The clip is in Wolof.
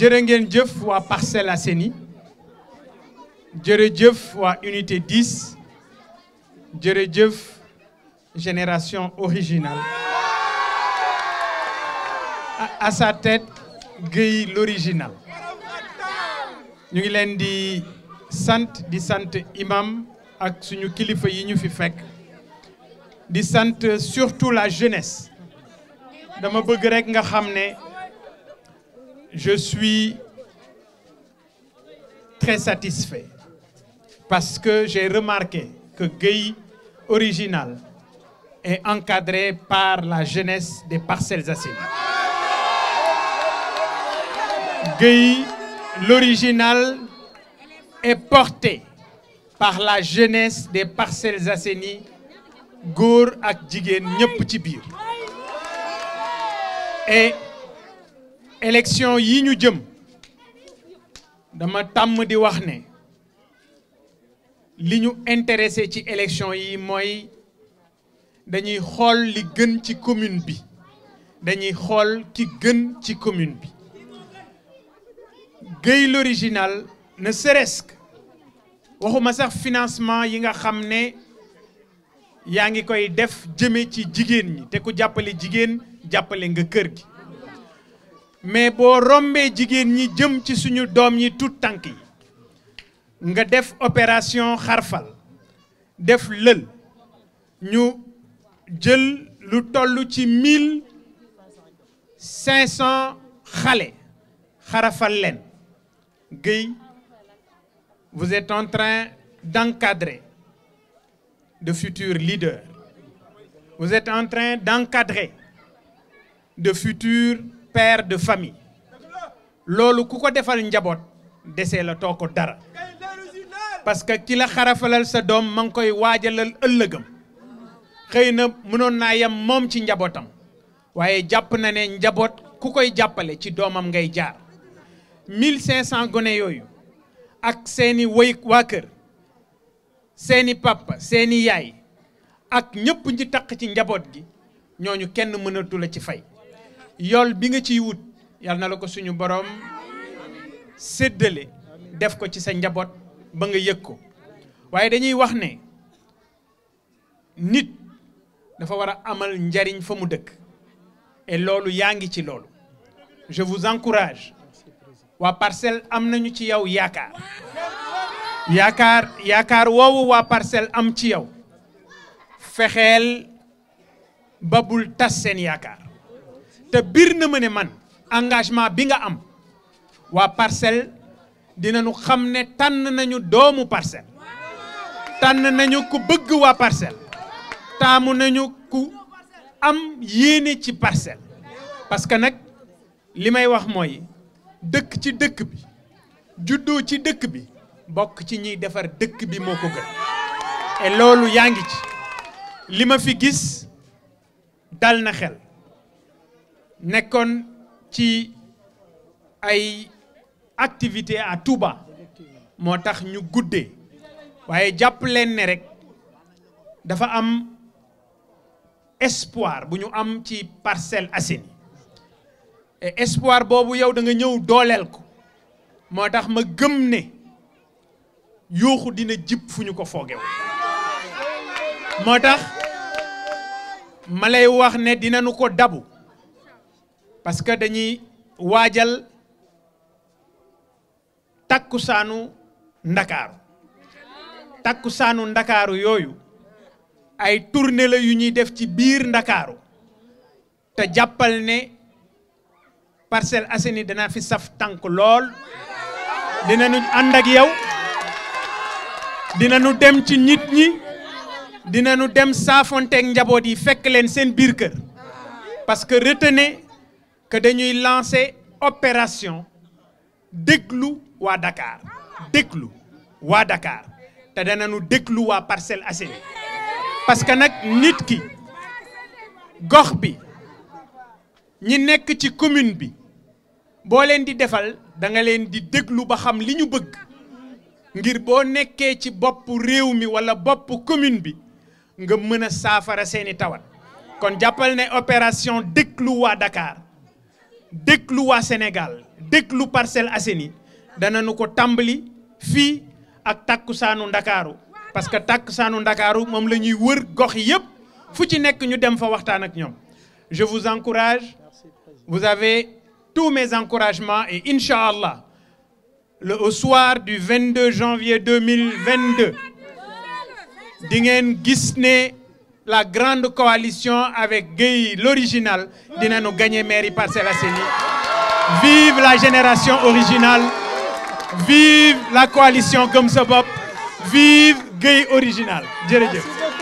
jërë ngeen jëf waa Parcelles Assainies jërëjëf waa unité 10 jërëjëf génération originale à sa tête Gueye ñu ngi leen di sant di sant imam ak suñu kilifa yi ñu fi fekk di sant surtout la jeunesse dama bëgg rek nga xam ne je suis très satisfait parce que j'ai remarqué que Gueye Original est encadré par la jeunesse des Parcelles Assainies. Gueye, l'original est porté par la jeunesse des Parcelles Assainies góor ak jigéen ñëpp ci biir et élection yi ñu jëm dama tàmm di wax ne li ñu intéressé ci élection yi mooy dañuy xool li gën ci commune bi dañuy xool ki gën ci commune bi Gueye l'original ne serait waxuma sax financement yi nga xam ne yaa ngi koy def jëme ci jigéen ñi te ku jàppale jigéen jàppale nga kër gi mais boo rombee jigéen ñi jëm ci suñu doom yi tout tànk yi nga def opération xarfal def lël ñu jël lu toll ci mille cinq cent xale xarafal leen Guèye vous êtes en train d'encadrer de future leaders vous êtes en train d'encadrer de futurs père de famille loolu ku ko defal njaboot desee la too ko dara parce que ki la xarafalal sa doom ma ngi koy waajalal ëllëgam xëy na mënoon naa yem moom ci njabootam waaye jàpp na ne njaboot ku koy jàppale ci doomam ngay jaar 1500 gone yooyu ak seeni woy waa kër seeni papa seeni yaay ak ñëpp ñi taq ci njaboot gi ñooñu kenn mënatu la ci fay yool bi nga ciy wut yal na la ko suñu borom séddale def ko ci sa njaboot ba nga yëg ko waaye dañuy wax ne nit dafa war a amal njariñ fa mu dëkk et loolu yaa ngi ci loolu je encourage waa parcelle am nañu ci yow yaakaar yaakaar yaakaar woowu waa parcelle am ci yow fexeel ba bul tas seen yaakaar te biir na ma ne man engagement bi nga am waa parcelle dinañu xam ne tànn nañu doomu parcelle tànn nañu ku bëgg waa parcelle taamu nañu ku am yéene ci parcelle parce que nag li may wax mooy dëkk ci dëkk bi juddoo ci dëkk bi bokk ci ñuy defar dëkk bi moo ko gën et loolu yaa ngi ci li ma fi gis dal na xel nekkoon ci ay activité à Touba moo tax ñu guddee waaye jàpp leen ne rek dafa am espoir bu ñu am ci parcelle Assainies et espoir boobu yow da nga ñëw dooleel ko moo tax ma gëm ne yuuxu dina jib fu ñu ko foogewu moo tax ma lay wax ne dinañu ko dabu parce que dañuy waajal takkusaanu ndakaaru takkusaanu ndakaaru yooyu ay tournée yu ñuy def ci biir ndakaaru te jàppal ne Parcelles Assainies dana fi saf tànk lool dinañu ànd ak yow dinañu dem ci nit ñi dina dinañu dem saafonteeg njaboot yi fekk leen seen biir kër parce que que dañuy lancer opération déglu waa Dakar déglu waa Dakar te danañu déglu waa Parcelles Assainies parce que nag nit ki gox bi ñi nekk ci commune bi boo leen di defal danga leen di déglu ba xam li ñu bëgg ngir boo nekkee ci bopp réew mi walla bopp commune bi nga mën a saafara seeni tawat kon jàppal ne opération déglu waa Dakar déglu waa Sénégal déglu Parcelles Assainies danañu ko tàmbali fii ak saanu ndakaaru parce que saanu ndakaaru moom la ñuy wër gox yépp fu ci nekk ñu dem fa waxtaan ak ñoom je vous encourage vous avez tous mes encouragements et incha allah le au soir du 22 janvier 2022 di ngeen gis ne la grande coalition avec Gueye l'original dinañu gagner mairie Parcelles Assainies vive la génération originale vive la coalition Gëm sa bopp vive Gueye original jërëjëf